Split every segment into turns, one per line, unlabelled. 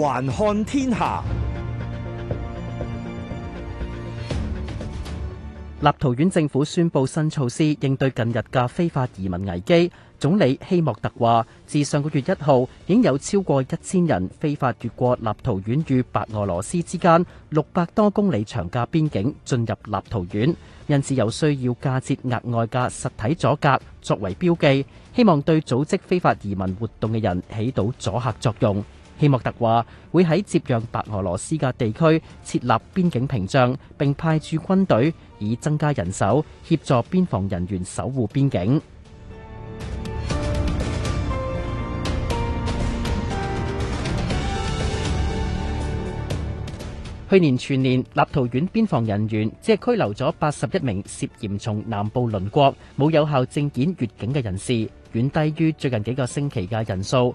環看天下，立陶宛政府宣布新措施，應對近日嘅非法移民危機。總理希莫特話，自上個月一號，已經有超過一千人非法越過立陶宛與白俄羅斯之間六百多公里長嘅邊境，進入立陶宛。因此，有需要架設額外嘅實體阻隔作為標記，希望對組織非法移民活動嘅人起到阻嚇作用。希莫特話會喺接壤白俄羅斯嘅地區設立邊境屏障，並派駐軍隊以增加人手，協助邊防人員守護邊境。 去年全年，立陶宛邊防人員只係拘留咗八十一名涉嫌從南部鄰國冇有效證件越境嘅人士，遠低於最近幾個星期嘅人數。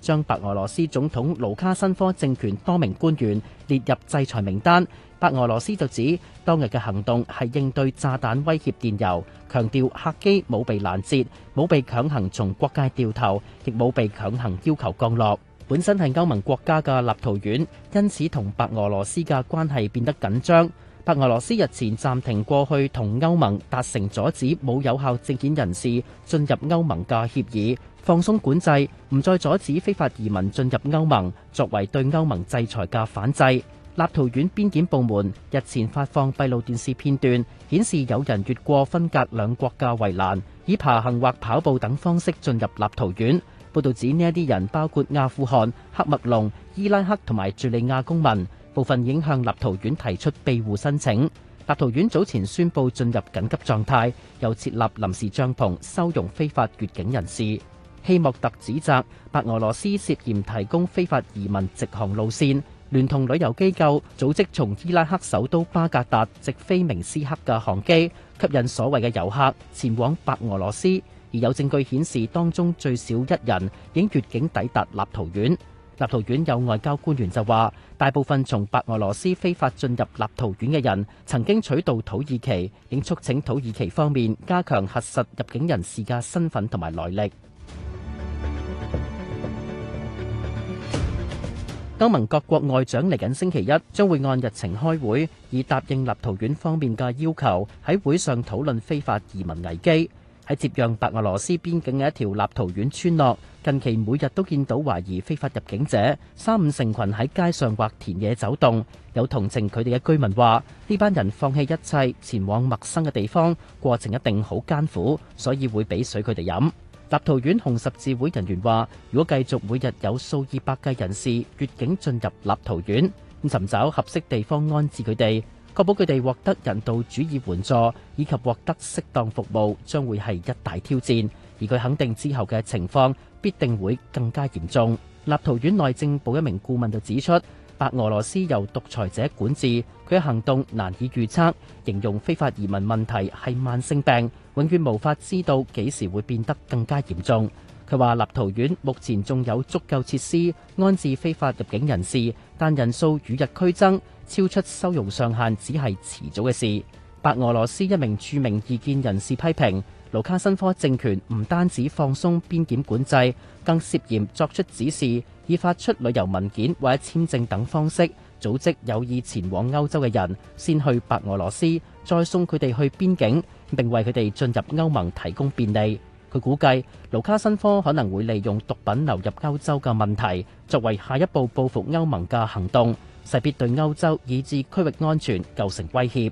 將白俄羅斯總統盧卡申科政權多名官員列入制裁名單，白俄羅斯就指當日嘅行動係應對炸彈威脅電郵，強調客機冇被攔截，冇被強行從國家掉頭，亦冇被強行要求降落。本身係歐盟國家嘅立陶宛，因此同白俄羅斯嘅關係變得緊張。白俄羅斯日前暫停過去同歐盟達成阻止冇有效證件人士進入歐盟嘅協議，放鬆管制，唔再阻止非法移民進入歐盟，作為對歐盟制裁嘅反制。立陶宛邊檢部門日前發放閉路電視片段，顯示有人越過分隔兩國嘅圍欄，以爬行或跑步等方式進入立陶宛。報導指呢一啲人包括阿富汗、喀麥隆、伊拉克同埋敍利亞公民。部分已向立陶宛提出庇護申請。立陶宛早前宣布進入緊急狀態，又設立臨時帳篷收容非法越境人士。希莫特指責白俄羅斯涉嫌提供非法移民直航路線，聯同旅遊機構組織從伊拉克首都巴格達直飛明斯克嘅航機，吸引所謂嘅遊客前往白俄羅斯，而有證據顯示當中最少一人已越境抵達立陶宛。立陶宛有外交官員就話，大部分從白俄羅斯非法進入立陶宛嘅人，曾經取道土耳其，應促請土耳其方面加強核實入境人士嘅身份同埋來歷。歐盟各國外長嚟緊星期一，將會按日程開會，以答應立陶宛方面嘅要求，喺會上討論非法移民危機。喺接壤白俄羅斯邊境嘅一條立陶宛村落，近期每日都見到懷疑非法入境者三五成群喺街上或田野走動。有同情佢哋嘅居民話：呢班人放棄一切前往陌生嘅地方，過程一定好艱苦，所以會俾水佢哋飲。立陶宛紅十字會人員話：如果繼續每日有數以百計人士越境進入立陶宛，咁尋找合適地方安置佢哋，確保佢哋獲得人道主義援助以及獲得適當服務，將會係一大挑戰。而佢肯定之後嘅情況必定會更加嚴重。立陶宛內政部一名顧問就指出，白俄羅斯由獨裁者管治，佢嘅行動難以預測，形容非法移民問題係慢性病，永遠無法知道幾時會變得更加嚴重。佢話：立陶宛目前仲有足夠設施安置非法入境人士，但人數與日俱增，超出收容上限只係遲早嘅事。白俄羅斯一名著名異見人士批評，盧卡申科政權唔單止放鬆邊檢管制，更涉嫌作出指示，以發出旅遊文件或者簽證等方式組織有意前往歐洲嘅人，先去白俄羅斯，再送佢哋去邊境，並為佢哋進入歐盟提供便利。佢估計，盧卡申科可能會利用毒品流入歐洲嘅問題，作為下一步報復歐盟嘅行動，勢必對歐洲以至區域安全構成威脅。